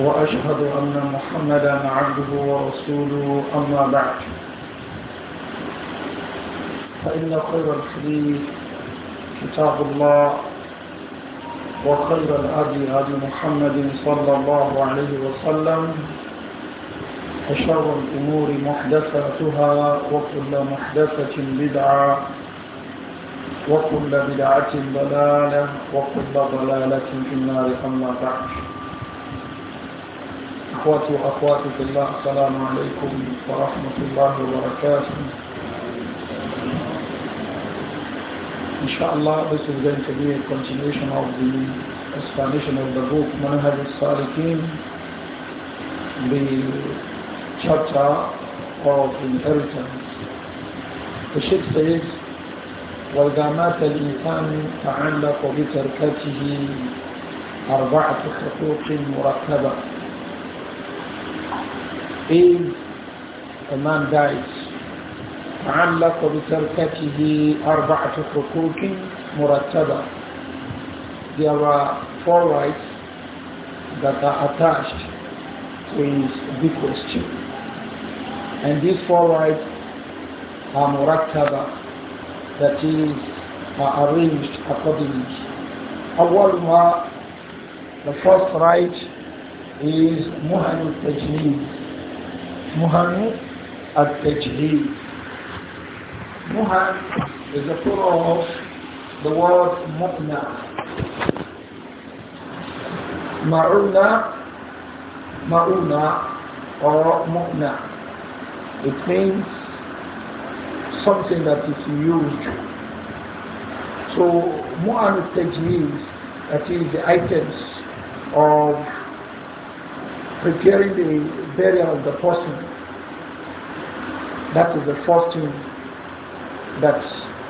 وأشهد أن محمدا عبده ورسوله أما بعد فإن خير الحديث كتاب الله وخير الأدي هدي محمد صلى الله عليه وسلم وشر الأمور محدثاتها وكل محدثة بدعة وكل بدعة ضلالة وكل ضلالة في النار أما بعد إخواتي وأخواتي في الله السلام عليكم ورحمة الله وبركاته Inshallah, this is going to be a continuation of the explanation of the book Manhaj al-Salikin, the chapter of inheritance. The Sheikh says, وإذا مات الإنسان تعلق بتركته أربعة حقوق مُرَكَّبَةٍ If a man dies, تعلق بتركته أربعة حقوق مرتبة. There are four rights that are attached to his bequest. And these four rights are murattaba, that is, are arranged accordingly. أولها, the first right is muhan al Muhan at tajheed Muhan is a plural of the word Mu'na. Ma'una, Ma'una or Mu'na. It means something that is used. So Mu'an al-Tajheed, that is the items of preparing the burial of the person. That is the first thing that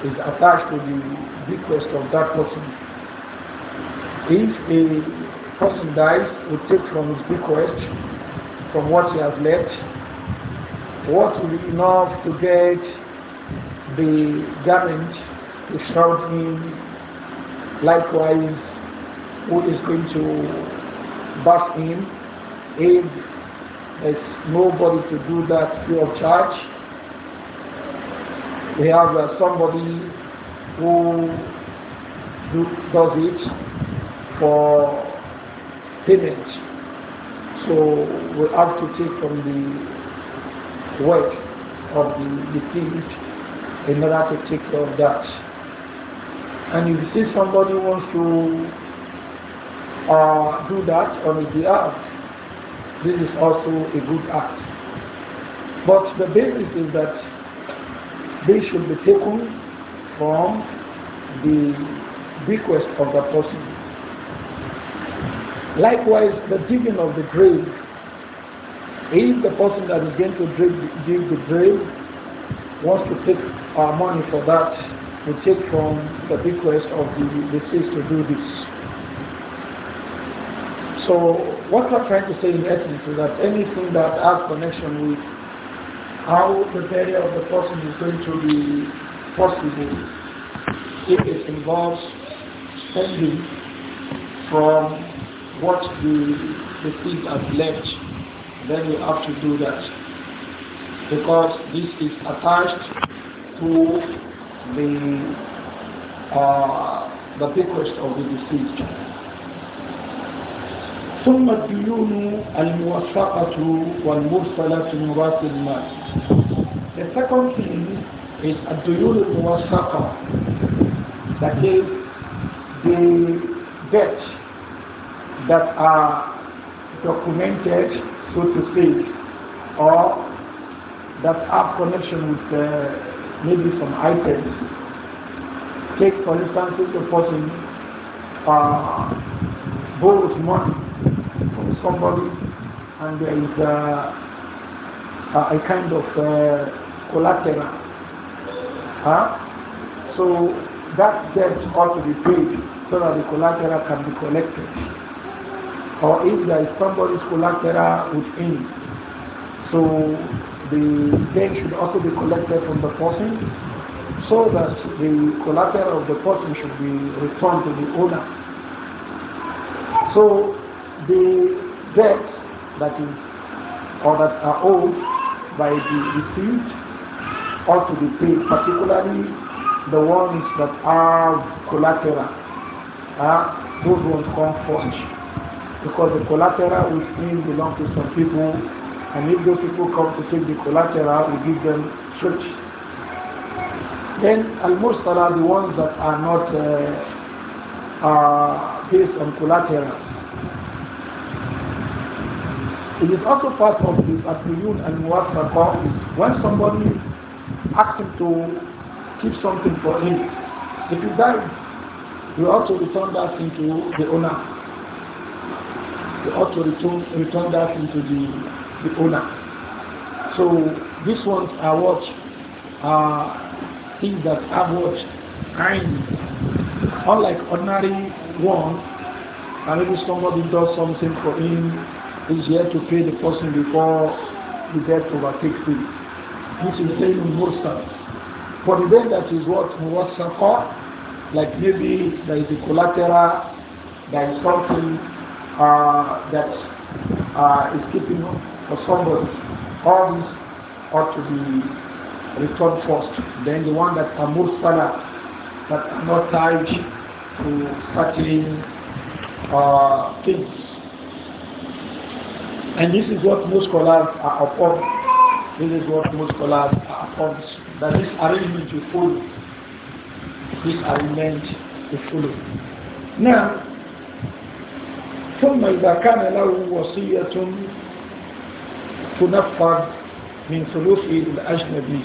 is attached to the bequest of that person. If a person dies, we take from his bequest, from what he has left, what will be enough to get the garment to shroud him, likewise who is going to bath him, if there's nobody to do that free of charge. We have uh, somebody who do, does it for payment. So we have to take from the work of the, the field in order to take care of that. And if you see somebody wants to uh, do that on his behalf, this is also a good act. But the basis is that they should be taken from the bequest of the person. Likewise, the digging of the grave. If the person that is going to dig, dig the grave wants to take our money for that, we take from the bequest of the deceased to do this. So what we're trying to say in essence is that anything that has connection with how the burial of the person is going to be possible, if it involves spending from what the deceased has left, then we have to do that. Because this is attached to the uh, the bequest of the deceased. ثم الديون الموثقة والمرسلة من رأس المال. The second thing is الديون الموثقة. That is the debt that are documented, so to speak, or that have connection with uh, maybe some items. Take for instance if a person uh, borrows money somebody and there is a, a kind of uh, collateral. Huh? So that debt ought to be paid so that the collateral can be collected. Or if there is somebody's collateral within, so the debt should also be collected from the person so that the collateral of the person should be returned to the owner. So the debt that is or that are owed by the deceased ought to be paid, particularly the ones that are collateral. Uh, those ones come first because the collateral will still belong to some people and if those people come to take the collateral we give them church. Then almost are the ones that are not uh, uh, based on collateral, it is also part of this attribute and muwafaqa is when somebody asks him to keep something for him, if he dies, he ought to return that thing to the owner. He ought to return, return that thing to the, the owner. So these ones are what are things that have what kind. Unlike ordinary ones, and maybe somebody does something for him is here to pay the person before the death overtakes him. This is saying Mursal. For the day that is what suffer, like maybe there is a collateral, there is something uh, that uh, is keeping for somebody. All these ought to be returned first. Then the one that are Mursala, that are not tied to certain uh, things. And this is what most scholars are upon. This is what most scholars are upon. That this arrangement will follow. This arrangement will follow. Now, ثم إذا كان له وصية تنفذ من ثلث الأجنبي.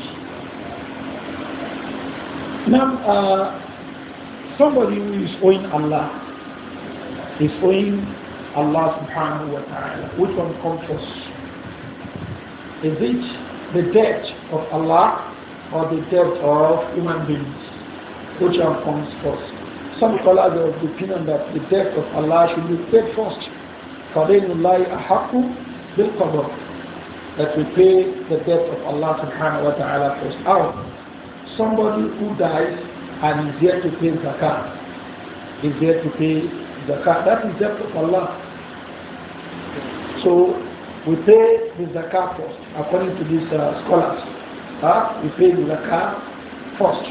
Now, uh, somebody who is owing Allah is owing Allah subhanahu wa ta'ala? Which one comes first? Is it the debt of Allah or the debt of human beings? Which one comes first? Some scholars are of the opinion that the debt of Allah should be paid first. فَدَيْنُ اللَّهِ أَحَقُّ بِالْقَبْرِ That we pay the debt of Allah subhanahu wa ta'ala first. Or somebody who dies and is yet to pay zakat, is yet to pay zakat. That is debt of Allah. So we pay the zakah first, according to these uh, scholars. Huh? We pay the zakah first.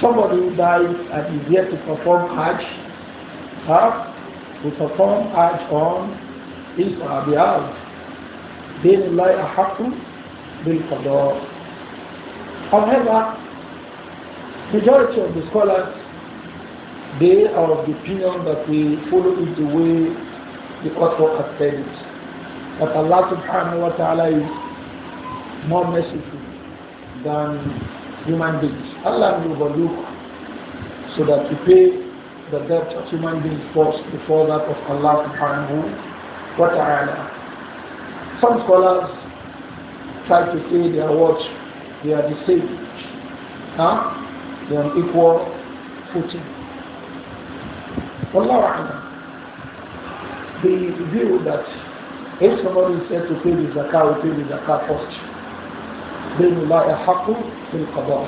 Somebody who dies and is yet to perform Hajj, huh? we perform Hajj on his or her behalf. دين الله أحق بالقضاء. However, majority of the scholars they are of the opinion that we follow it the way because what has But Allah subhanahu wa ta'ala is more merciful than human beings. Allah will overlook so that we pay the debt of human beings first before that of Allah subhanahu wa ta'ala. Some scholars try to say they are what? They are the same. Huh? They are on equal footing. Wallahu we view that if somebody is said to pay the zakah, we pay the zakah first. Then you lie a haqqu fil qadar.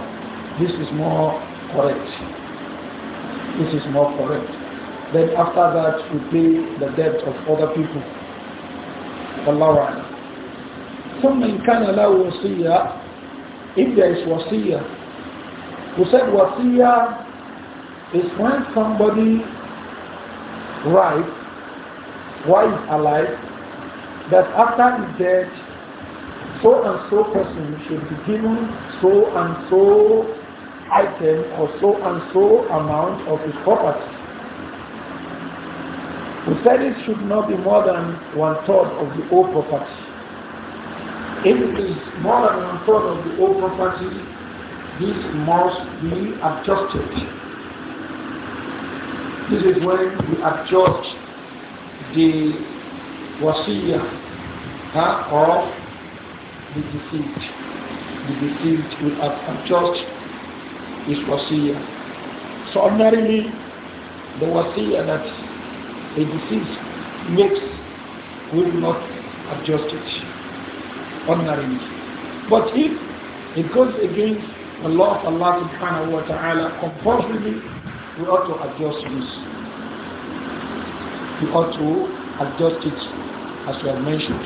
This is more correct. This is more correct. Then after that, we pay the debt of other people. Wallahu a'lam. ثم إن كان له وصية if there is wasiya Who said wasiya is when somebody writes while he's alive that after he's dead, so and so person should be given so and so item or so and so amount of his property. The service should not be more than one third of the old property. If it is more than one third of the old property, this must be adjusted. This is when we adjust the wasiya huh, of the deceased, The deceased will have adjust his wasiya. So ordinarily, the wasiya that the deceased makes will not adjust it ordinarily. But if it goes against the law of Allah subhanahu wa ta'ala compulsively, we ought to adjust this you ought to adjust it as you have mentioned.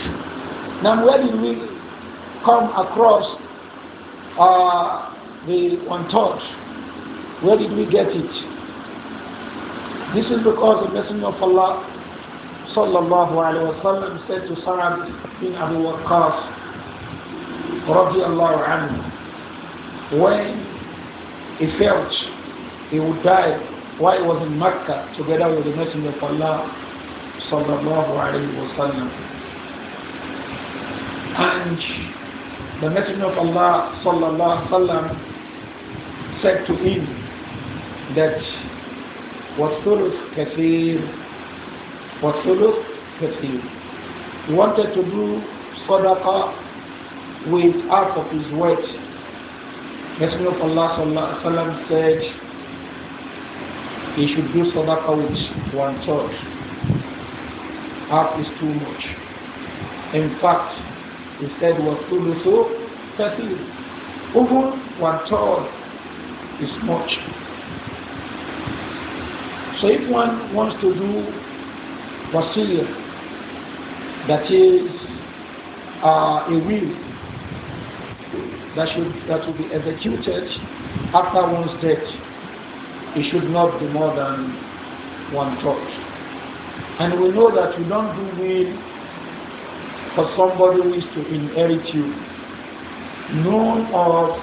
Now, where did we come across uh, the one touch? Where did we get it? This is because the Messenger of Allah sallallahu alayhi wa sallam said to Sa'ad bin Abu Waqqas radiallahu anhu when he felt he would die while he was in Mecca together with the Messenger of Allah sallallahu alayhi wa sallam. And the Messenger of Allah sallallahu alayhi wa sallam said to him that وَالثُّلُثْ كَثِيرٌ وَالثُّلُثْ كَثِيرٌ He wanted to do sadaqah with half of his wealth. Messenger of Allah sallallahu alayhi wa sallam said he should do sadaqah with one third. Half is too much. In fact, he said وَثُلُثُ كَثِيرٌ Even one third is much. So if one wants to do wasiya, that is uh, a will that should that will be executed after one's death, it should not be more than one church, And we know that you don't do will for somebody who is to inherit you. None of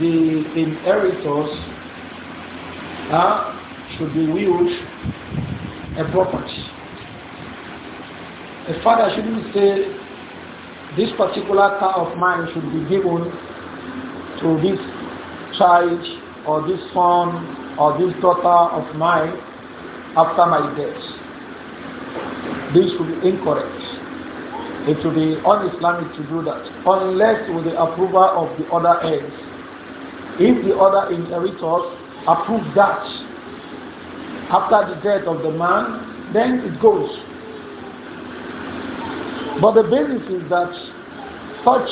the inheritors uh, should be willed a property. A father shouldn't say, this particular car of mine should be given to this child or this son or this daughter of mine after my death. This should be incorrect. It should be un-Islamic to do that, unless with the approval of the other heirs. If the other inheritors approve that after the death of the man, then it goes. But the basis is that such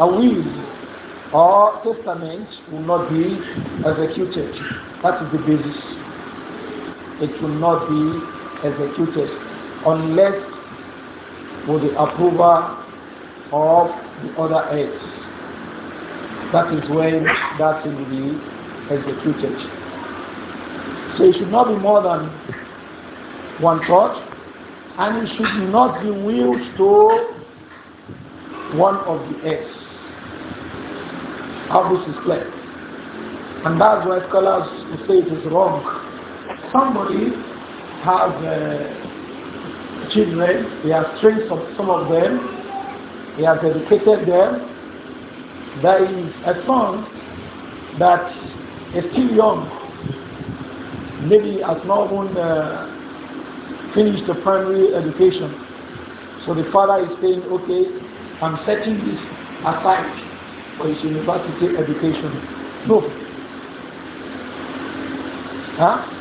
a will or testament will not be executed. That is the basis. It will not be executed unless with the approval of the other heirs. That is when that will be executed. So it should not be more than one third, and it should not be willed to one of the heirs. How this is played. And that's why scholars say it is wrong. Somebody has uh, children, he has trained some, some of them, he has educated them. There is a son that is still young, maybe has not even uh, finished the primary education. So the father is saying, okay, I'm setting this aside for his university education. No. Huh?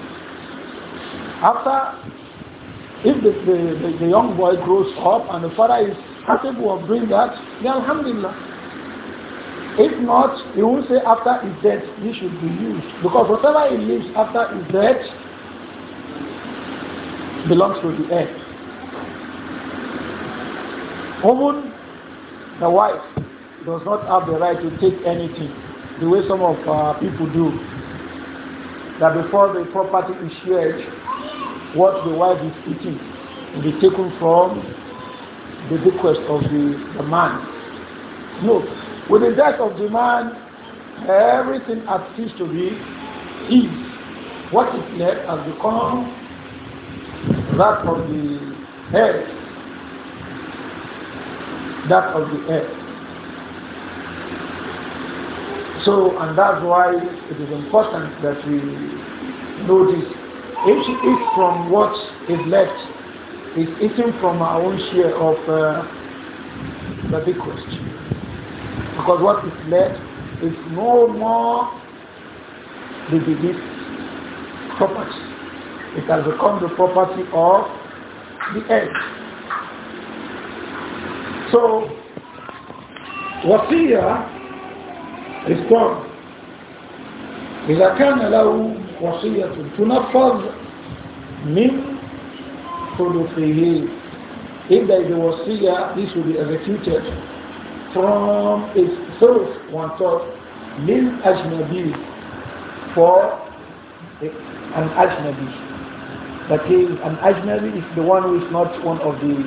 After, if the, the, the, young boy grows up and the father is capable of doing that, then alhamdulillah. If not, he will say after his death, he should be used. Because whatever he leaves after his death belongs to the earth. Woman, the wife, does not have the right to take anything the way some of people do. That before the property is shared, what the wife is eating will be taken from the bequest of the, the man. No. With the death of the man, everything has ceased to be his. What is left has become that of the head. That of the head. So, and that's why it is important that we know this. If she eats from what is left, is eating from our own share of uh, the bequest. Because what is left is no more the belief property. It has become the property of the earth. So, what's here respond. إذا كان له وصية تنفذ من ثلثه If there is a wasiyah, this will be executed from its third one third an ajnabi for an ajnabi. That is, an ajnabi is the one who is not one of the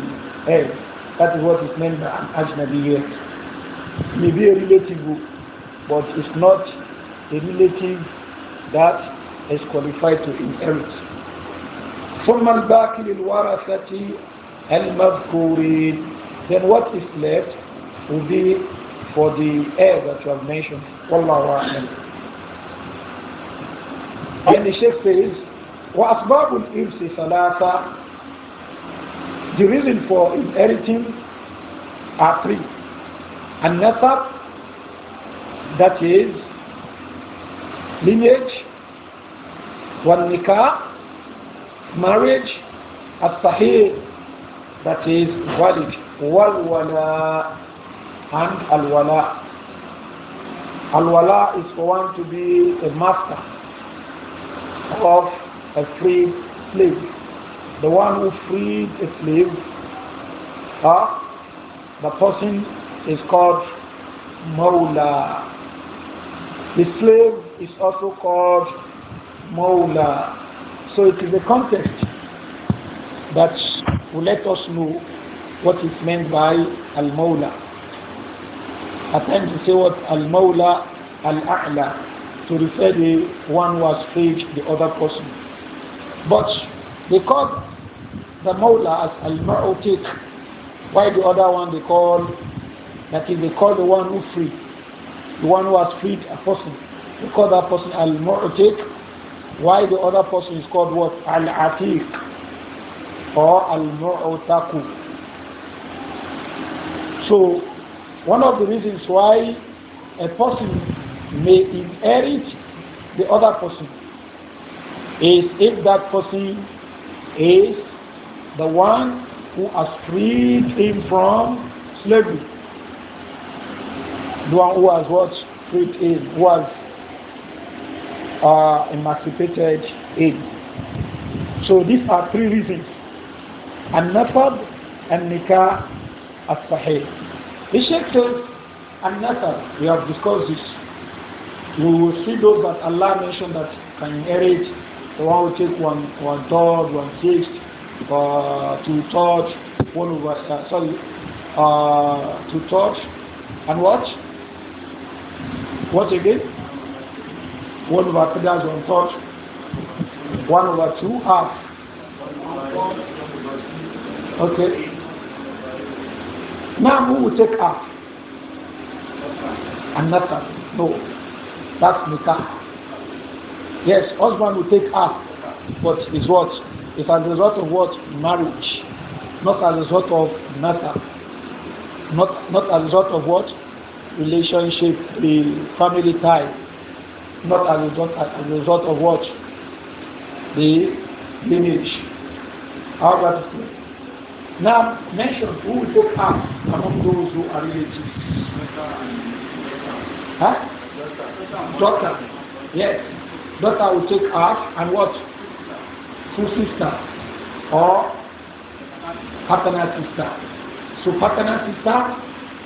heirs. That is what is meant by an ajnabi here. Maybe a relative but it's not a relative that is qualified to inherit. ثم الباقي للورثة المذكورين then what is left will be for the heir that you have mentioned. Wallahu a'lam. Then the Sheikh says, وَأَسْبَابُ الْإِرْثِ ثَلَاثَةً The reason for inheriting are three. النَّسَبُ that is lineage, one nikah, marriage, al-sahih, that is valid, wal-wala and al-wala. Al-wala is for one to be a master of a free slave. The one who freed a slave, uh, the person is called mawla the slave is also called Mawla. So it is a context that will let us know what is meant by Al-Mawla. At times we say what Al-Mawla, Al-A'la, to refer the one who has freed the other person. But they call the Mawla as Al-Ma'utik, why the other one they call, that is they call the one who freed the one who has freed a person. We call that person Al-Mu'tiq. Why the other person is called what? Al-Atiq or Al-Mu'taku. So one of the reasons why a person may inherit the other person is if that person is the one who has freed him from slavery. The one who has what? Freed is, who has uh, emancipated aid. So these are three reasons. An-nafad, an-nikah, as-sahih. The Sheikh says, an-nafad, we have discussed this. We will see those that Allah mentioned that can inherit, the one who take one, one third, one sixth, uh, to touch one over, uh, sorry, uh, touch and what? What again? 1 over 3, on 13rd one third. 1 over 2, half. Ah. Okay. Now who will take half? Ah? Another. No. That's Mika. Yes, husband will take half, ah, but it's what? It's as a result of what? Marriage. Not as a result of matter. Not, not as a result of what? relationship, the family tie, not as a result, as a result of what? The lineage. How about it? Now, mention who will take part among those who are related. Huh? Daughter. Yes. Daughter will take half and what? Full sister. Or paternal sister. So paternal sister,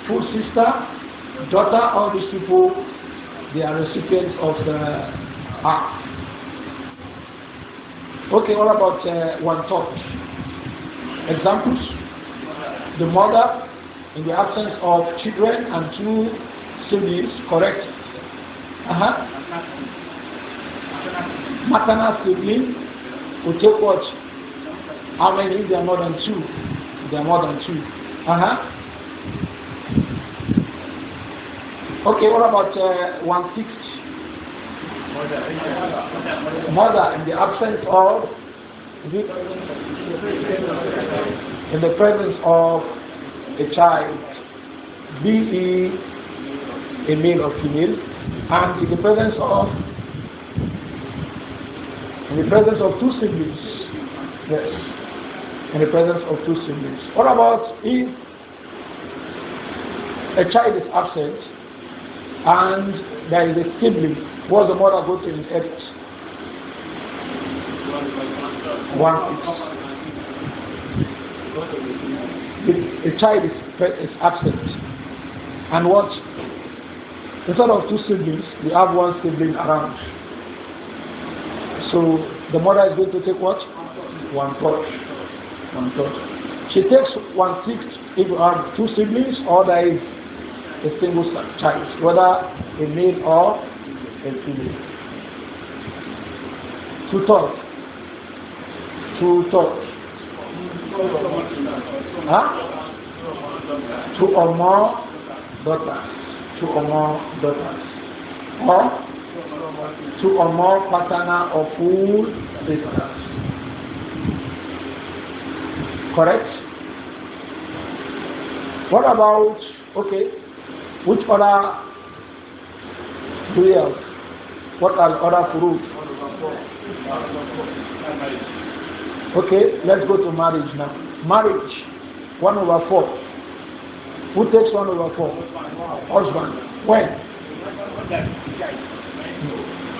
full sister, daughter, all these people, they are recipients of the act. Okay, what about uh, one thought? Examples? The mother, in the absence of children and two siblings, correct? Uh-huh. Maternal sibling will take what? How many? There are more than two. There are more than two. Uh-huh. Okay, what about uh, Mother in the absence of in the presence of a child, be he a male or female, and in the presence of in the presence of two siblings. Yes. In the presence of two siblings. What about if a child is absent and there is a sibling, what's the mother going to inherit? One the, the, child is, is absent. And what? Instead of two siblings, we have one sibling around. So the mother is going to take what? One third. One third. She takes one sixth if you have two siblings or there is a single child, whether a male or a female. Two talk. Two talk. Huh? Two or more daughters. Two or more daughters. Or two or more paternal or full sisters. Correct? What about, okay, which other do you What are other fruits? Okay, let's go to marriage now. Marriage, one over four. Who takes one over four? Husband. When?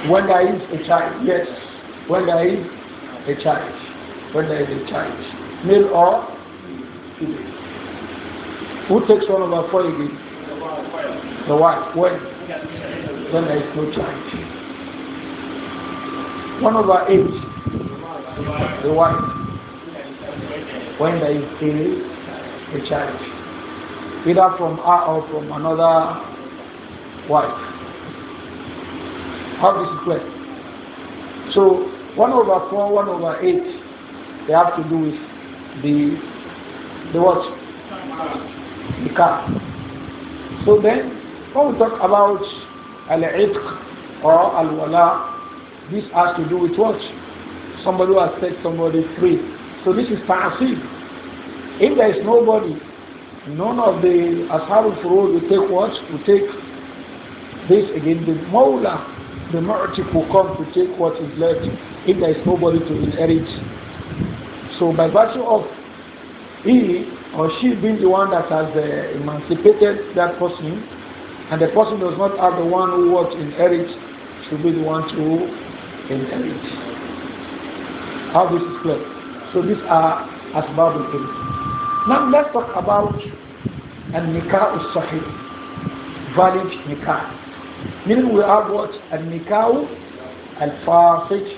When there is a child, yes. When there is a child. When there is a child. Male or female. Who takes one over four again? The wife, when? When there is no child. One over eight, the wife, when there is still a child, either from her or from another wife. How this is clear? So, one over four, one over eight, they have to do with the the what? The car. So then, when we talk about al-itq or al-wala, this has to do with what? Somebody who has set somebody free. So this is ta'asib. If there is nobody, none of the ashab al will take what? Will take this again. The mawla, the mu'tik will come to take what is left if there is nobody to inherit. So by virtue of he or she being the one that has uh, emancipated that person, and the person does not have the one who was inherit, should be the one to inherit. How this is clear. So these are as things. Now let's talk about a nikah is sahih, valid nikah. Meaning we have what a nikah a fasid,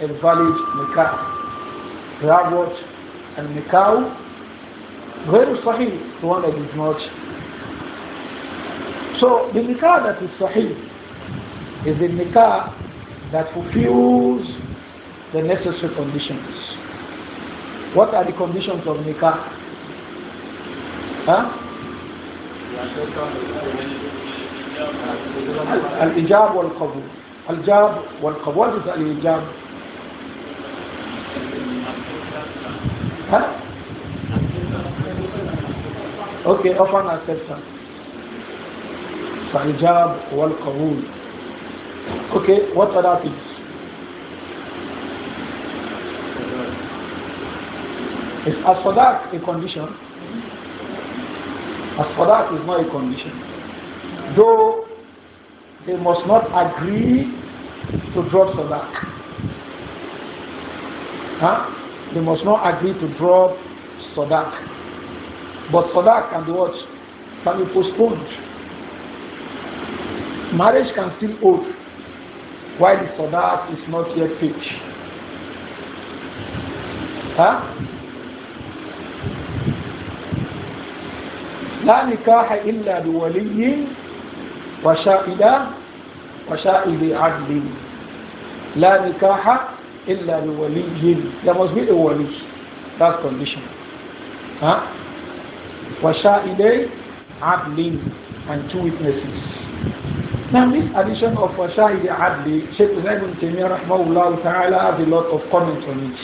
a valid nikah. We have what a nikah غير الصحيح the one that is so the nikah that is is the nikah that fulfills the necessary conditions. What are the conditions of nikah? Huh? Al-ijab wal والقبول Al-jab الاجاب. wal al al-ijab? Okay, upon acceptance. Sanjab wal Kabul. Okay, what other things? Is as for that a condition? As for that is not a condition. Though they must not agree to drop sadak. Huh? They must not agree to drop sadak. But that, can be what? Can be postponed. Marriage can still hold while the salah is not yet fixed. Huh? لا نكاح إلا بولي وشاهد وشاهد عدل لا نكاح إلا بولي there must be a wali that's condition huh? وَشَاهِدَيْ عَدْلٍ and two witnesses. Now this addition of وَشَاهِدَ عَدْلِ Sheikh Ibn Taymiyyah rahmahullah ta'ala has a lot of comments on it.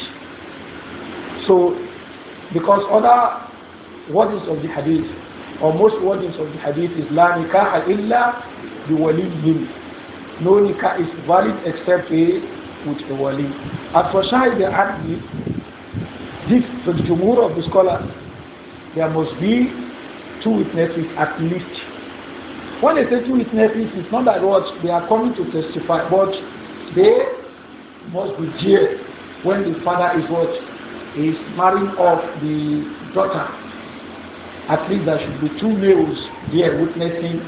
So because other wordings of the hadith or most wordings of the hadith is la nikaha illa biwaliyin. No nikah is valid except a, with the wali. As for Shahid adli this, the jumhur of the scholars, there must be two witnesses at least. When they say two witnesses, it's not that what they are coming to testify, but they must be there when the father is what is marrying off the daughter. At least there should be two males there witnessing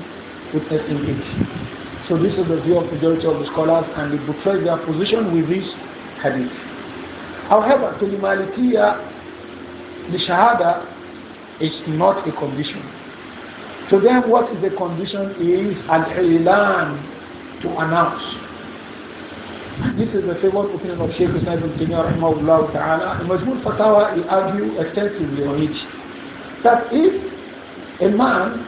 witnessing it. So this is the view of majority of the scholars and they buttress their position with this hadith. However, to the Malikiya, the Shahada it's not a condition. So then what is the condition is an ilan to announce. This is the favorite opinion of Sheikh Islam ibn Taymiyyah rahimahullah ta'ala. In Majmul Fatawa, he argue extensively on it. That if a man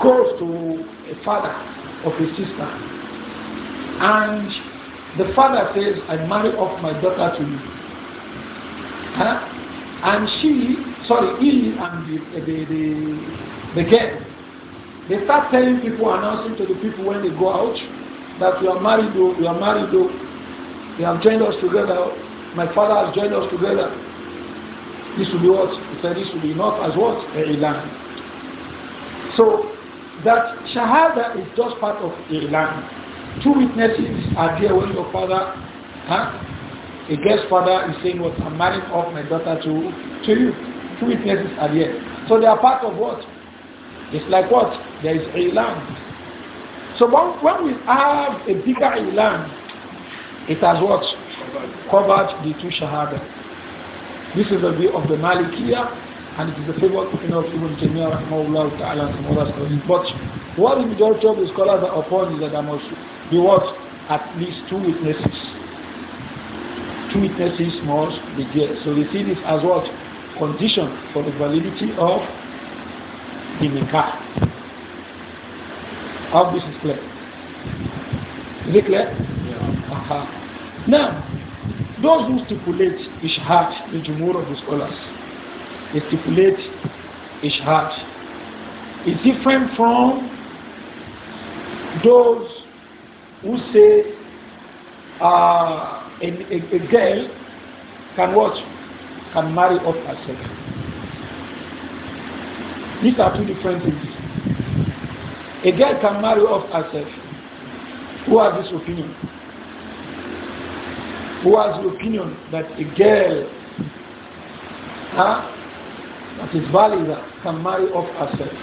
goes to a father of his sister and the father says, I marry off my daughter to you. Huh? And she sorry, he and the, the, the, the girl, they start telling people, announcing to the people when they go out that we are married, though, we are married, though. have joined us together. My father has joined us together. This will be what? He said, this will be enough as what? Ilan. So, that Shahada is just part of Ilan. Two witnesses are there when your father, huh? a guest father is saying, what, I'm marrying off my daughter to, to you. Two witnesses are here. So they are part of what? It's like what? There is Ilan. So when, we have a bigger Ilan, it has what? Covered the two Shahada. This is the view of the Malikiya and it is the favorite opinion of Ibn Taymiyyah rahmahullah ta'ala and some other scholars. But what the majority of the scholars are upon is that there must be what? At least two witnesses. Two witnesses must be there. So we see this as what? condition for the validity of the nikah. How this is clear? Is it clear? Yeah. Uh -huh. Now, those who stipulate ishhad, the jumur of the scholars, they stipulate ishhat is different from those who say uh, a, a, a girl can watch can marry off herself. These are two different things. A girl can marry off herself. Who has this opinion? Who has the opinion that a girl huh, that is valid can marry off herself?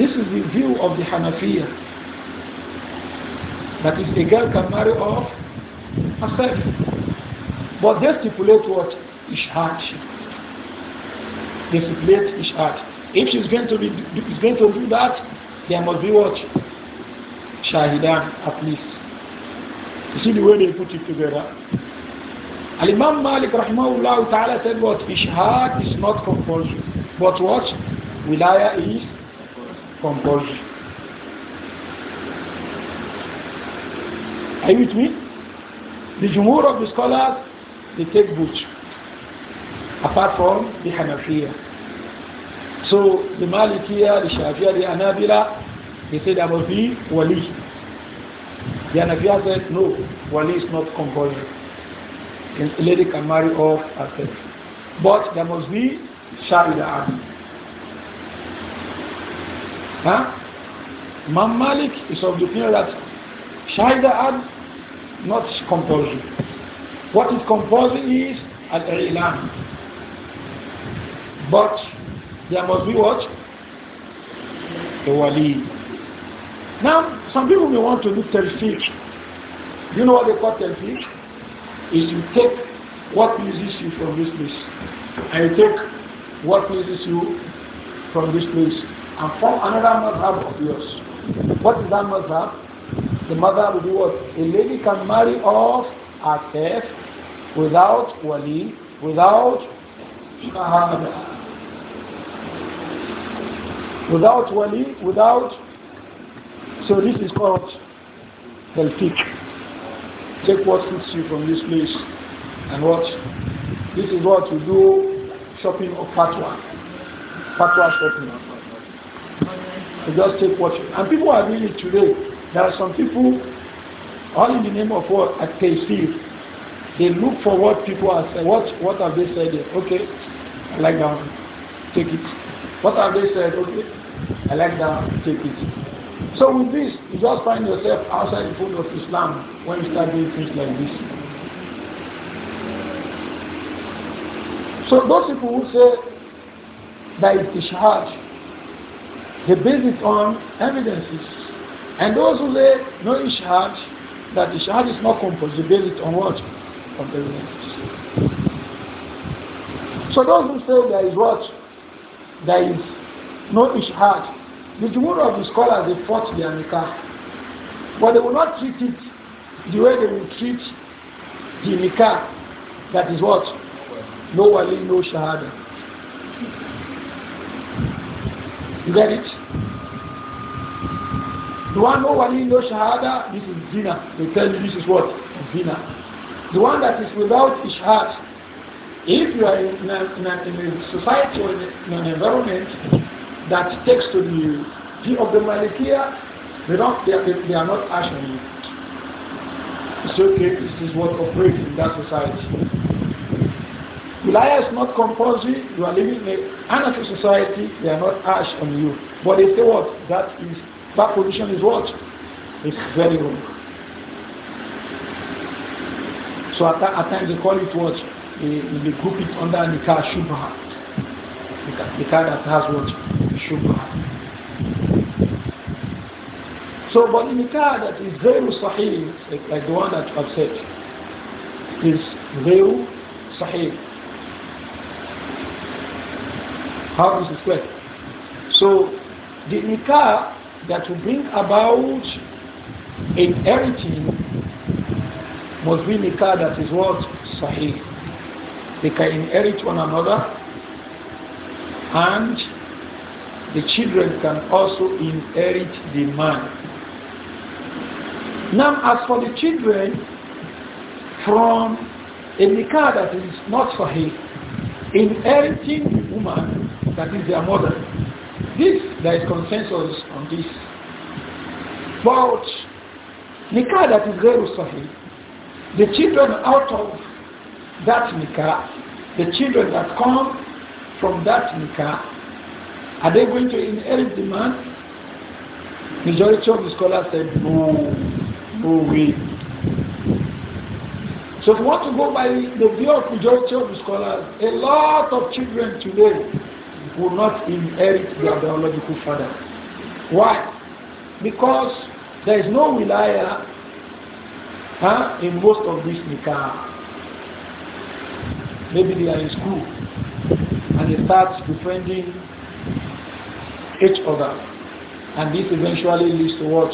This is the view of the Hanafiya. That is, a girl can marry off herself. But they stipulate what? Ishaq. Disciplined Ishaq. If she's going to be is going to do that, there must be what? Shahidan at least. You see the way they put it together. Al Imam Malik rahimahullah ta'ala said what Ishaq is not compulsory. But what? Wilaya is compulsory. Are you with me? The Jumhur of the scholars, they take boots apart from the Hanafiya. So the Malikiya, the Shafiya, the Anabila, they said about the Wali. The Anabila said, no, Wali is not compulsory. A lady can marry off herself. But there must be Shahida Huh? Imam Malik is of the opinion that Shahida Ad not compulsory. What is compulsory is al-Ilan, but there must be what? A wali. Now, some people may want to do telfiq. You know what they call telfiq? Is you take what pleases you from this place. And you take what pleases you from this place. And form another madhab of yours. What is that madhab? The madhab will be what? A lady can marry off death without wali, without shahada. Without wali, without, so this is called Baltic. Take what suits you from this place and what. This is what we do shopping of fatwa. Fatwa shopping. You just take what you, and people are doing it today. There are some people, all in the name of what? At Taysir they look for what people are saying. What what have they said? Okay, I like that. Take it. What have they said? Okay, I like that, take it. So with this, you just find yourself outside the fold of Islam when you start doing things like this. So those people who say that it's ishhaj, they base it on evidences. And those who say no ishhaj, that ishhaj is not composed, they base it on what? On evidences. So those who say there is what? There is no ishhad. The majority of the scholars, they fought the nikah. But they will not treat it the way they will treat the nikah. That is what? No wali, no shahada. You get it? The one no wali, no shahada, this is zina. They tell you this is what? Zina. The one that is without ishhad, if you are in, a, in, a, in a, society or in, an environment that takes to the of the Malikiya, they, don't, they, they, they are not ashing you. It's okay, this is what operates in that society. liar is not compulsory, you are living in an anarchist society, they are not ash on you. But they say what? That is, that position is what? It's very wrong. So at, at times they call it what? we group it under Nikah Shubha. Nikah, that has what? Shubha. So, but Nikah that is very Sahih, like, like the one that I've said, is Zayru Sahih. How it? is So, the Nikah that will bring about inheriting must be Nikah that is what? Sahih. They can inherit one another and the children can also inherit the man. Now as for the children from a nikah that is not for him, inheriting the woman that is their mother. This, there is consensus on this. But nikah that is very sahih, the children out of that nikah, the children that come from that nikah, are they going to inherit the man? Majority of the scholars said no, no way. So if you want to go by the view of majority of the scholars, a lot of children today will not inherit their biological father. Why? Because there is no wilaya huh, in most of these nikah. Maybe they are in school and they start befriending each other. And this eventually leads to what?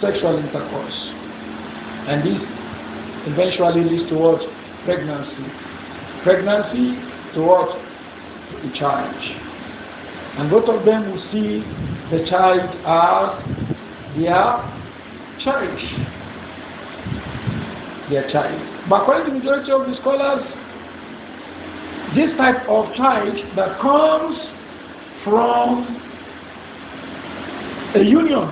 Sexual intercourse. And this eventually leads to what? Pregnancy. Pregnancy to what? The child. And both of them will see the child as their child. Their child. But according to the majority of the scholars, this type of child that comes from a union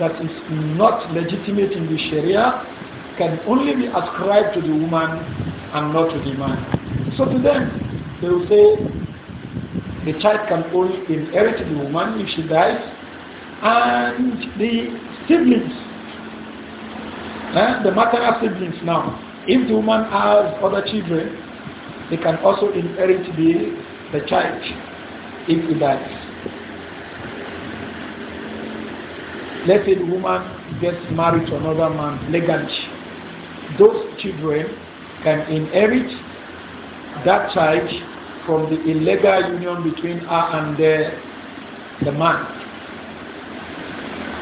that is not legitimate in the Sharia can only be ascribed to the woman and not to the man. So to them, they will say the child can only inherit the woman if she dies and the siblings, eh, the maternal siblings now. If the woman has other children, he can also inherit the, the child if he dies. let a woman gets married to another man legally. Those children can inherit that child from the illegal union between her and the, the man.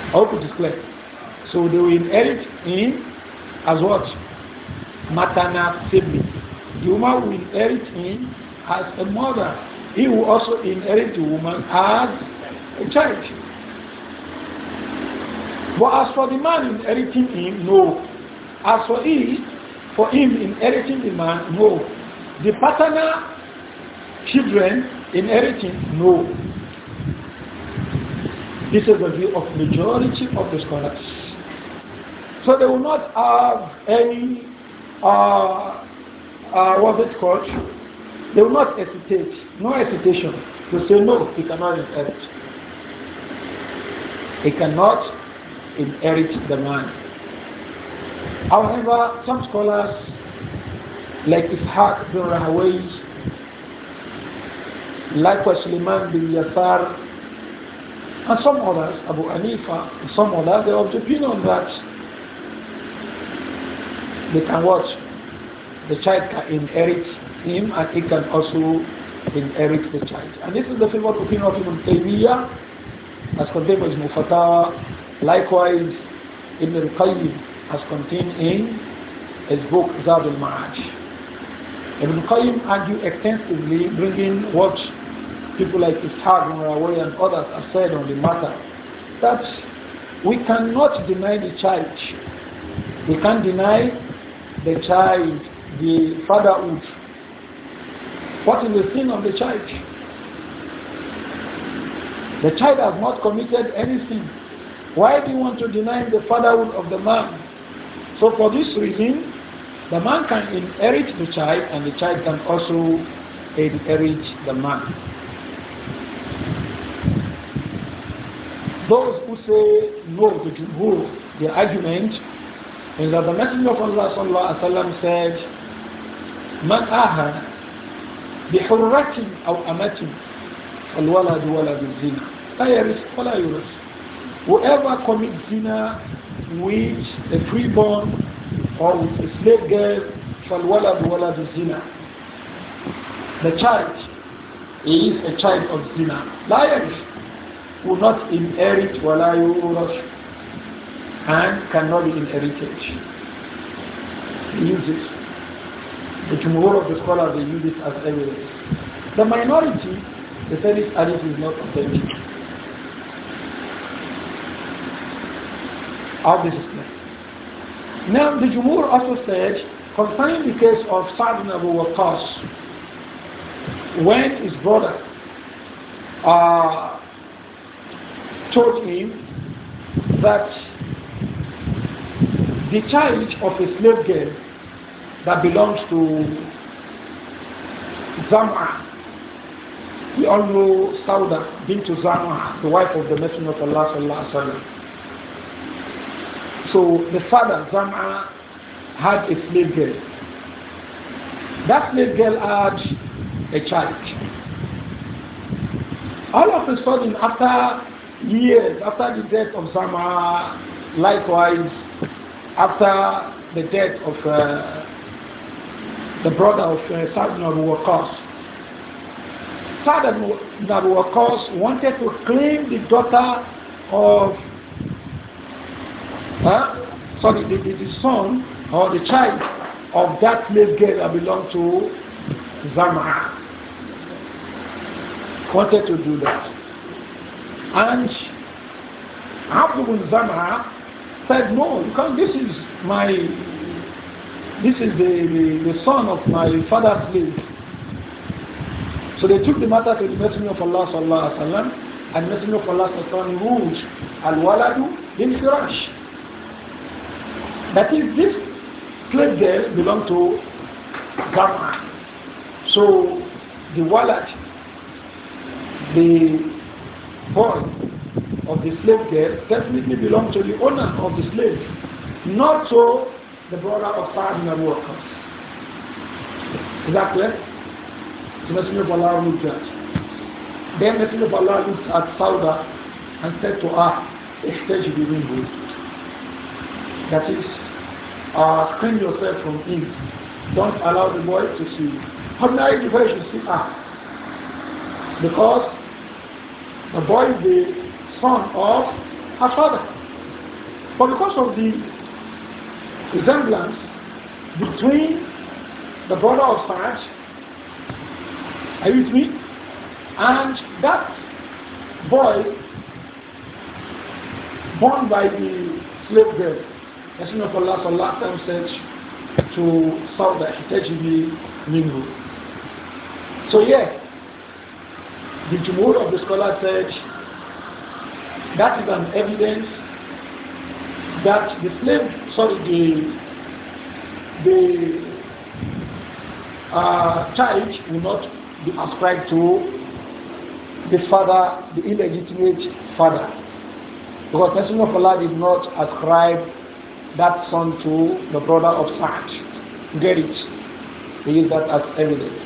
I hope it is clear. So they will inherit him as what? Maternal sibling. The woman will inherit him as a mother. He will also inherit the woman as a child. But as for the man inheriting him, no. As for he, for him inheriting the man, no. The paternal children inheriting, no. This is the view of majority of the scholars. So they will not have any uh, uh, what's it called? They will not hesitate. No hesitation. They say, no, he cannot inherit. He cannot inherit the man. However, some scholars, like Ishaq bin Rahaway, like Suleiman bin Yasar, and some others, Abu Anifa, and some others, they have the opinion that they can watch the child can inherit him and he can also inherit the child. And this is the favorite opinion of Ibn Taymiyyah as contained in Mufatawa. Likewise, Ibn al-Qayyim as contained in his book Zad al-Ma'aj. Ibn Qayyim argued extensively bringing what people like Ishaq and Rawi and others have said on the matter that we cannot deny the child. We can't deny the child the fatherhood. What is the sin of the child? The child has not committed any sin. Why do you want to deny the fatherhood of the man? So for this reason, the man can inherit the child and the child can also inherit the man. Those who say no to the argument is that the Messenger of Allah said مرآها بحرة أو أمة فالولد ولد الزنا لا يرث ولا يورث whoever commits zina with a freeborn or with a slave girl فالولد ولد الزنا the child is a child of zina لا يرث will not inherit ولا يورث and cannot be inherited he uses the jumhur of the scholars, they use it as evidence. The minority, they say this hadith is not authentic. How this is Now, the jumhur also said, concerning the case of Sa'd ibn Abu Waqqas, when his brother uh, told him that the child of a slave girl that belongs to Zam'a. We all know Sauda bint Zam'a, the wife of the Messenger of Allah sallallahu So the father Zam'a had a slave girl. That slave girl had a child. All of a sudden, after years, after the death of Zama, likewise, after the death of uh, the brother of uh, Sa'd ibn Abu Sa'd ibn Abu wanted to claim the daughter of, sorry, the, the, the son or the child of that slave girl that belonged to Zama. Wanted to do that. And Abdul Zama said, no, because this is my this is the, the, the son of my father's slave. So they took the matter to the Messenger of Allah sallallahu alaihi wasallam, and Messenger of Allah sallallahu alaihi wasallam ruled al-waladu bin That is, this slave girl belonged to the man. So the walad, the boy of the slave girl, definitely belonged to the owner of the slave, not so the brother of Sa'd ibn Is that clear? The Messenger of Allah looked at. Then the Messenger of Allah looked at Sauda and said to her, "Exchange between you. That is, uh, screen yourself from him. Don't allow the boy to see you. How Ordinary to see her. Because the boy is the son of her father. But because of the resemblance between the brother of Saraj, are you with me? And that boy born by the slave girl, Messenger of Allah last time, said to Sauda Hitajibi Mingo. So yeah, the Jumhur of the scholar said that is an evidence that the slave sorry, the the uh, child will not be ascribed to the father, the illegitimate father. Because Messenger of Allah did not ascribe that son to the brother of Sa'd. Get it? He used that as evidence.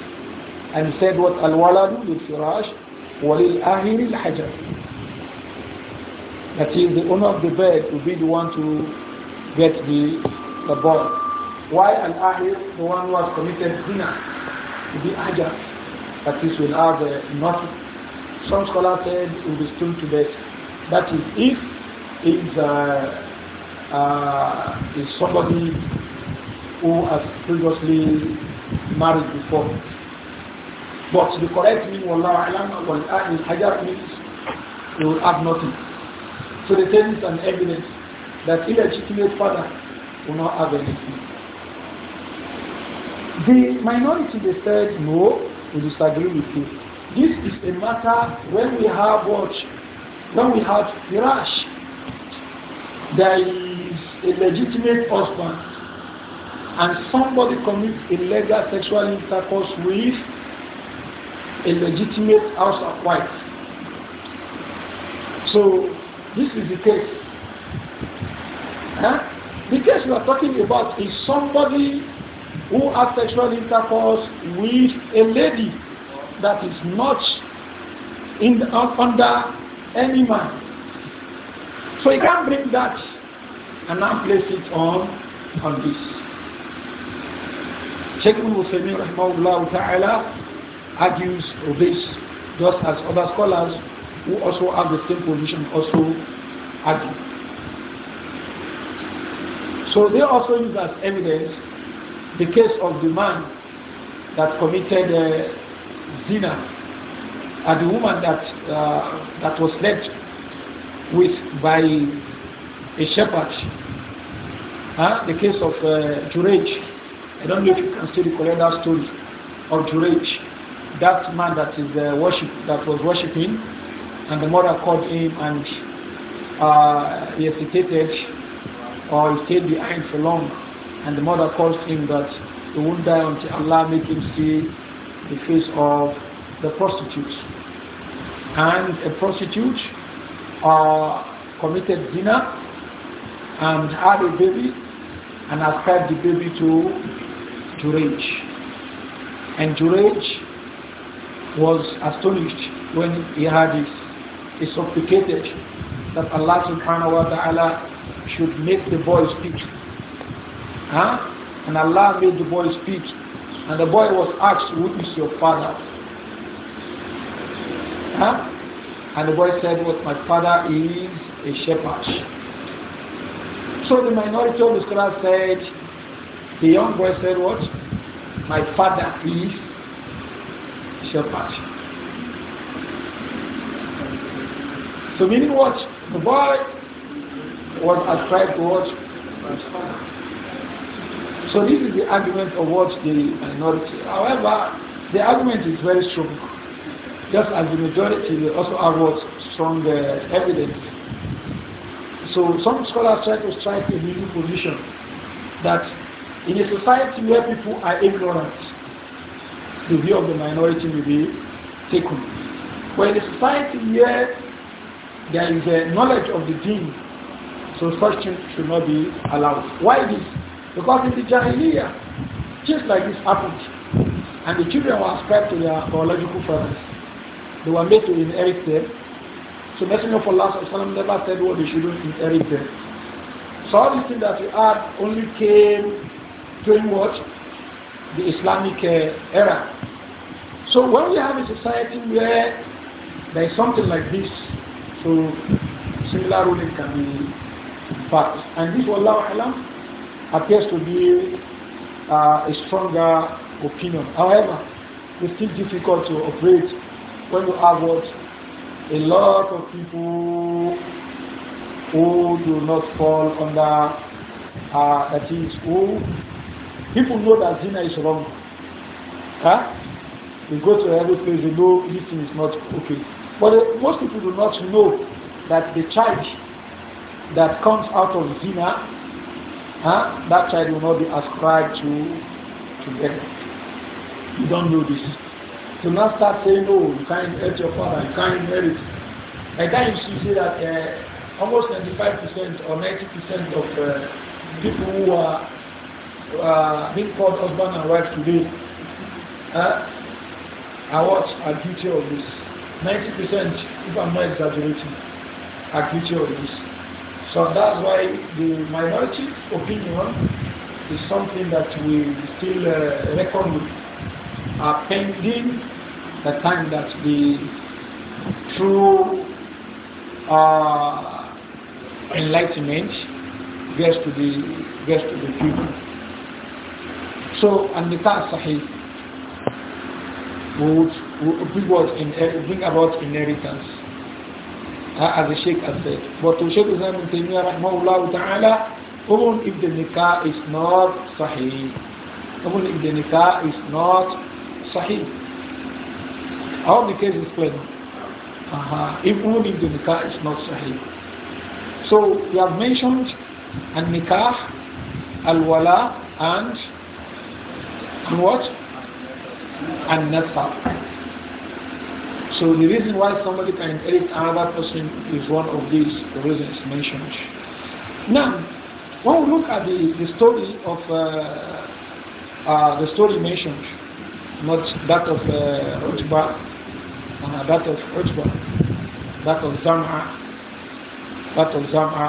And he said what Al-Waladu lil-firash walil-ahir al-hajar. That is, the owner of the bed will be the one to get the, the boy. Why an ahir, the one who has committed zina, will be ajar. That is, will have uh, nothing. Some scholars said will be stoned to death. That is, if is, uh, uh, somebody who has previously married before. But the correct meaning, Wallahu Alam, Wal Ahir, Hajar means you will have nothing. So the thing is an evidence that illegitimate father will not have anything. The minority they said no, we disagree with you. This is a matter when we have what when we have firash, there is a legitimate husband and somebody commits illegal sexual intercourse with a legitimate house of wife. So this is the case. Huh? The case we are talking about is somebody who has sexual intercourse with a lady that is not in the, under any man. So you can't bring that and now place it on on this. Sheikh Muslimin Rahmahullah Ta'ala argues this just as other scholars who also have the same position also argue. So they also use as evidence the case of the man that committed uh, zina and the woman that, uh, that was left with by a shepherd. Huh? The case of uh, Jurej. I don't know if you can still the that story of Jurej. That man that is uh, worship that was worshipping, and the mother called him and uh, he hesitated or he stayed behind for long and the mother calls him that he won't die until Allah make him see the face of the prostitutes. And a prostitute uh, committed dinner and had a baby and ascribed the baby to Juraj. And Jurej was astonished when he heard this. He supplicated that Allah subhanahu wa ta'ala should make the boy speak. Huh? And Allah made the boy speak. And the boy was asked, who is your father? Huh? And the boy said, what my father is a shepherd. So the minority of the scholars said, the young boy said what? My father is a shepherd. So meaning what? The boy what ascribed to what? So this is the argument of what the minority. However, the argument is very strong. Just as the majority, they also have what strong uh, evidence. So some scholars try to strike a middle position that in a society where people are ignorant, the view of the minority will be taken. But in a society where there is a knowledge of the deen so such things should not be allowed. Why this? Because in the Jahiliyyah, things like this happened. And the children were ascribed to their biological fathers. They were made to inherit them. So Messenger of Allah never said what they shouldn't inherit them. So all these things that we had only came during what? The Islamic uh, era. So when we have a society where there is something like this, so similar ruling can be fact. And this, Wallahu Alam, appears to be uh, a stronger opinion. However, it's still difficult to operate when you have what a lot of people who do not fall under uh, that is who people know that zina is wrong. Huh? They go to every place, they know this thing is not okay. But uh, most people do not know that the charge that comes out of zina, huh, that child will not be ascribed to, to them. You don't know this. So now start saying, no, oh, you can't hurt your father, you can't inherit. And then you should see that uh, almost 95% or 90% of uh, people who are uh, being called husband and wife today uh, are what are guilty of this. 90%, if I'm not exaggerating, are guilty of this. So that's why the minority opinion is something that we still uh, reckon pending the time that the true uh, enlightenment gets to the gets to the people. So and the Sahih would, would bring about inheritance uh, as the Sheikh has said. But to Sheikh Islam ibn Taymiyyah rahmahullah ta'ala, even if the nikah is not sahih, even if the nikah is not sahih, how the case is played, uh-huh. even if the nikah is not sahih. So we have mentioned an nikah, al-wala, and, and what? And nasab so the reason why somebody can inherit another person is one of these reasons mentioned. Now, when we look at the, the story of uh, uh, the story mentioned, not that of uh, uh, that of Utbah, that of Zam'a, that of Zam'a,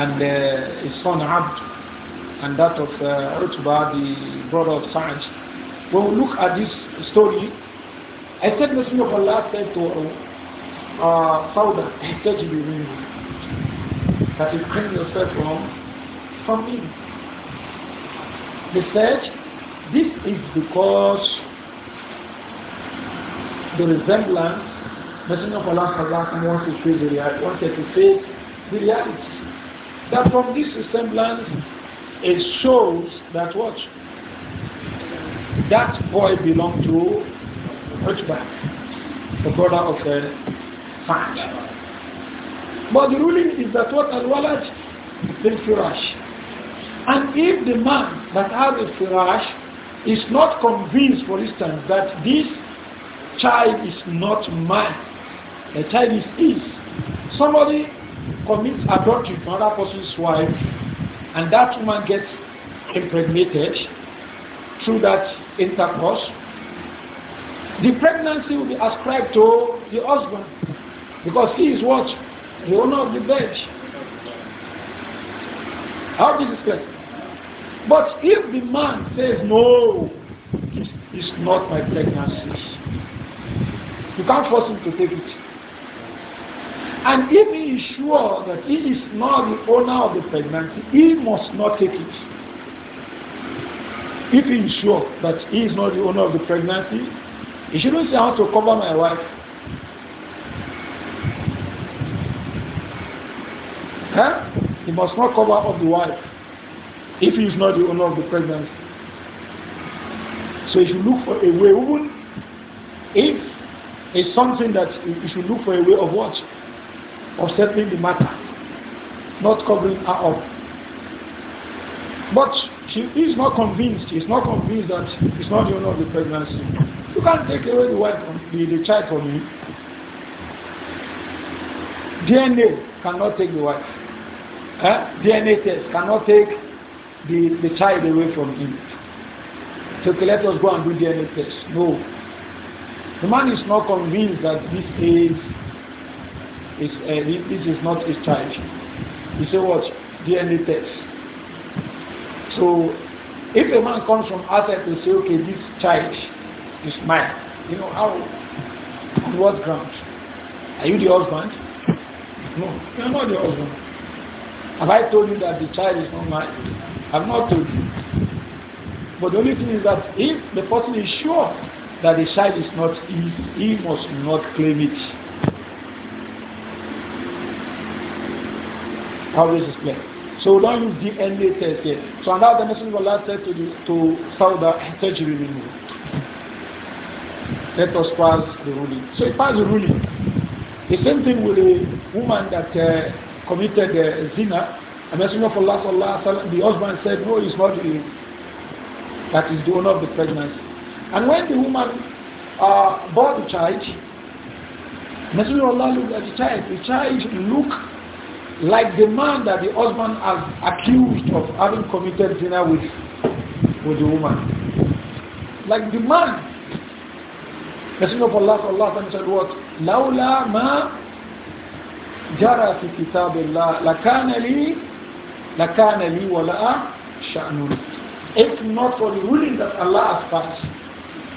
and uh, his son Abd, and that of uh, the brother of Sa'd. When we look at this story, I said Messenger of Allah said to uh, Sauda, he said to you, that you clean yourself from, from evil. He said, this is because the resemblance Messenger of Allah Sallallahu wants to face the reality, wants to face the reality. That from this resemblance, it shows that what? That boy belonged to Utbah, the father of the child. But the ruling is that what al-walad bil firash. And if the man that has a firash is not convinced, for instance, that this child is not mine, the child is his, somebody commits adultery with another person's wife, and that woman gets impregnated through that intercourse, the pregnancy will be ascribed to the husband because he is what? The owner of the bed. How this is clear? But if the man says, no, it's not my pregnancy, you can't force him to take it. And if he is sure that he is not the owner of the pregnancy, he must not take it. If he is sure that he is not the owner of the pregnancy, you shouldn't say how to cover my wife. Huh? He must not cover up the wife if he is not the owner of the pregnancy. So you should look for a way, even if it's something that you should look for a way of what? Of settling the matter, not covering her up. But she is not convinced, is not convinced that it's not the owner of the pregnancy. You can't take away the wife from the, the child from me. DNA cannot take the wife. huh? DNA test cannot take the, the child away from him. So okay, let us go and do DNA test. No. The man is not convinced that this is, is uh, this is not his child. You say what? DNA test. So if a man comes from outside to say, okay, this child his mind. You know how? On what ground? Are you the husband? No, you are not the husband. Have I told you that the child is not mine? I've not told you. But the only thing is that if the person is sure that the child is not his, he must not claim it. How is this played? So we don't use DNA test here. So another the message will Allah said to, the, to Sauda, Tajri let us pass the ruling. So he passed the ruling. The same thing with a woman that uh, committed uh, zina. A messenger of Allah, Allah the husband said, no, it's not his. That is the owner of the pregnancy. And when the woman uh, bore the child, Messenger of Allah looked at the child. The child looked like the man that the husband has accused of having committed zina with, with the woman. Like the man Allah Allah If not for the ruling that Allah has passed,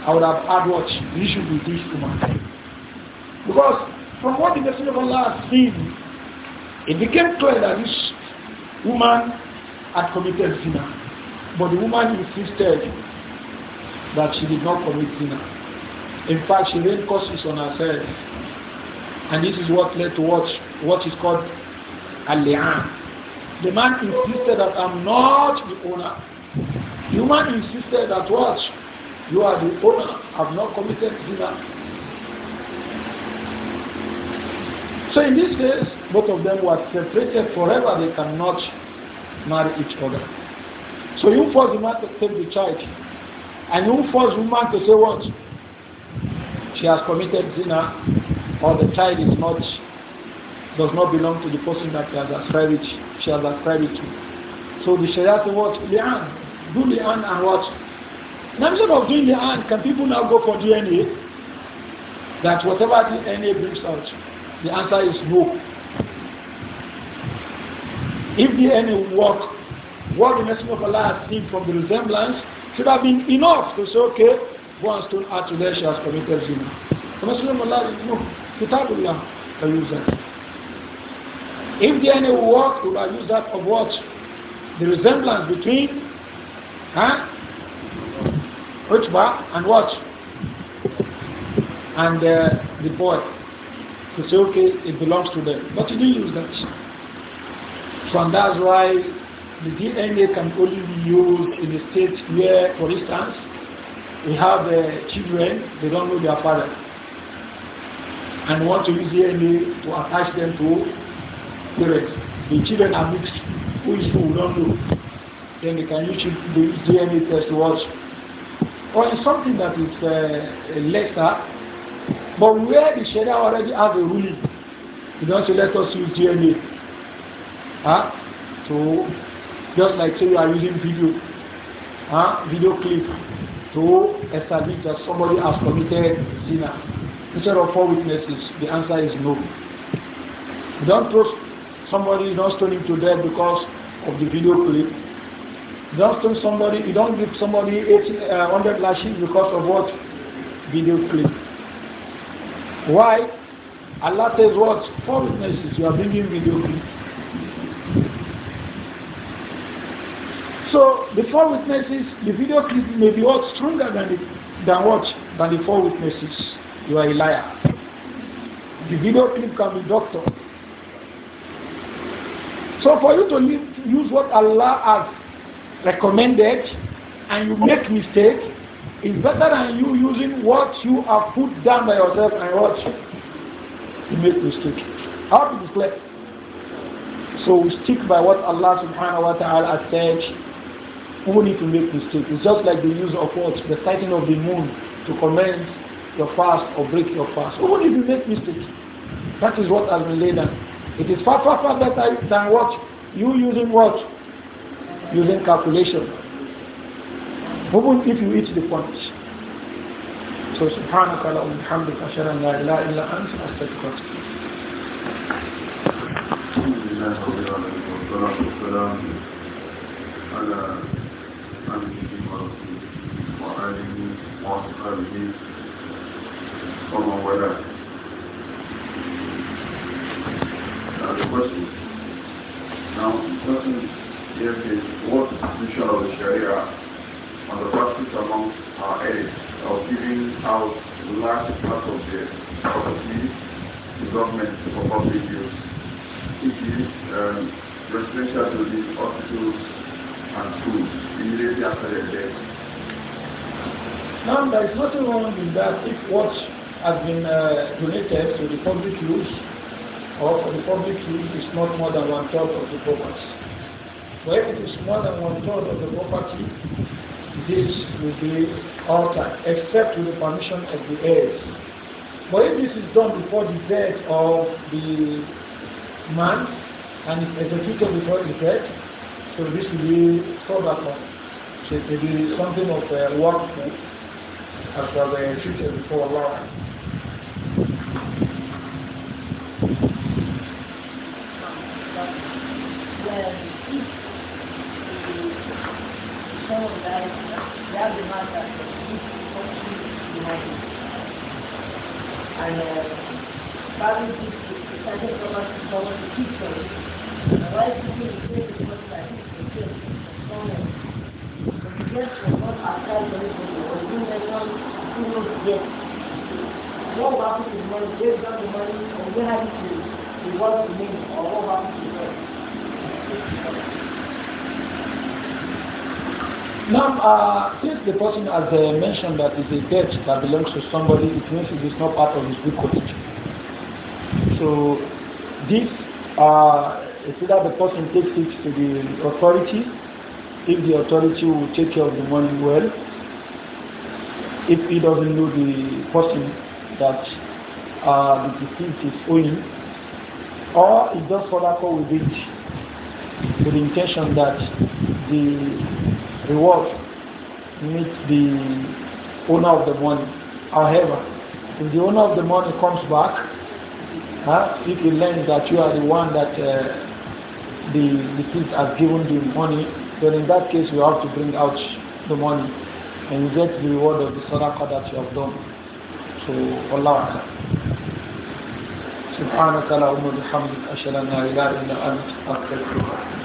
I would have had what you should be this woman. Because from what the Messenger of Allah has seen, it became clear that this woman had committed sin. But the woman insisted that she did not commit sin. In fact, she made curses on herself. And this is what led to what, what is called Al-Li'an. The man insisted that I'm not the owner. The man insisted that what? You are the owner. I've not committed dinner. So in this case, both of them were separated forever. They cannot marry each other. So you force the man to take the charge, And you force woman to say what? she has committed zina or the child is not does not belong to the person that she has ascribed it, she has ascribed it to. So the Sharia to what? Li'an. Do Li'an and what? Now instead of doing Li'an, can people now go for DNA? That whatever the DNA brings out, the answer is no. If the DNA work, what the Messenger of Allah has seen from the resemblance should have been enough to say, okay, one stone add to there, she has committed zina. The Messenger of Allah, no, Kitabullah, I use that. If there any work, will I use that of what? The resemblance between huh? Utbah and what? And uh, the boy. To say, okay, it belongs to them. But you do use that. So and that's why the DNA can only be used in a state where, for instance, they have uh, children, they don't know their father. And want to use DNA to attach them to parents. The children are mixed. Who is who? We don't know. Then they can use the DNA test to watch. Or it's something that is uh, lesser. But where the Sharia already has a ruling, you don't say let us use DNA. Huh? So just like say you are using video, huh? video clip to establish that somebody has committed sin. Instead of four witnesses, the answer is no. You don't throw somebody, you don't stone him to death because of the video clip. You don't stone somebody, you don't give somebody 800 uh, 100 lashes because of what? Video clip. Why? Allah says what? Four witnesses, you are bringing video clip. So the four witnesses, the video clip may be what stronger than the, than what than the four witnesses. You are a liar. The video clip can be doctor. So for you to use what Allah has recommended and you make mistake, it's better than you using what you have put down by yourself and what you make mistake. How to display? So we stick by what Allah subhanahu wa ta'ala has said who need to make mistakes. It's just like the use of what? The sighting of the moon to commence your fast or break your fast. Who if you make mistakes? That is what has been laid down. It is far, far, far better than what? You using what? Using calculation. Even if you eat the point. So سبحانك اللهم وبحمدك أشهد أن لا إله إلا أنت أستغفرك وأتوب الحمد على وصحبه you Now the question, now the question what position of share? Sharia on the practice among our aides of giving out last part of the property to government for public use, It is um, residential these hospitals, and food immediately after their death. Now, there is nothing wrong in that if what has been uh, donated to the public use or for the public use is not more than one third of the property. But if it is more than one third of the property, this will be altered except with the permission of the heirs. But if this is done before the death of the man and is executed before the death, so this will be that it will be something of a work as was uh, treated before Allah. And uh, Bible gives the second promise to follow the now, uh, since the person has uh, mentioned that it's a debt that belongs to somebody, it means it is not part of his good condition. So, this uh, it's either the person takes it to the authority, if the authority will take care of the money well, if he doesn't know the person that uh, the deceased is owing, or he does sadaqa with it with the intention that the reward meets the owner of the money. However, if the owner of the money comes back, huh, if he learns that you are the one that uh, the, the thief has given the money, then in that case you have to bring out the money and you get the reward of the sadaqah that you have done. So Allah سبحانك اللهم وبحمدك أشهد أن لا إله إلا أنت أستغفرك